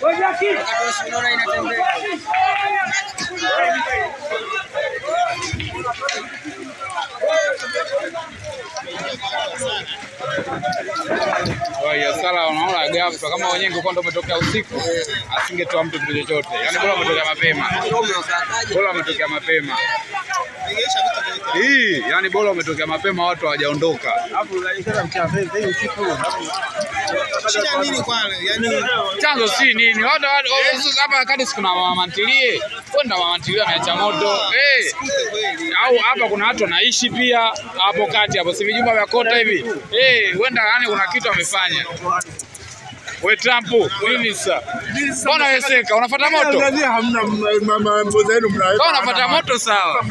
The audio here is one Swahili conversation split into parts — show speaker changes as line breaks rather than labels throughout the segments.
Sonora inatembea
Sala wanaona ghafla kama wenyewe ngekuwa ndo umetokea usiku, asingetoa mtu kitu chochote. Yani bora umetokea mapema, bora umetokea mapema hii yani bora umetokea mapema, watu hawajaondoka.
Chanzo si nini? Eh. Hapa kuna mama kwenda moto ah, eh. au hapa kuna watu wanaishi pia hapo kati hapo, si vijumba vya kota hivi eh, huenda yani kuna kitu amefanya. We Trump nini sasa? Mbona yeseka? Unafuata yaani moto? Yaani hamna mboza yenu unafuata moto sawa?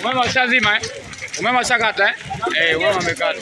Umeme ushazima eh? Umeme ushakata eh? Eh, umeme umekata.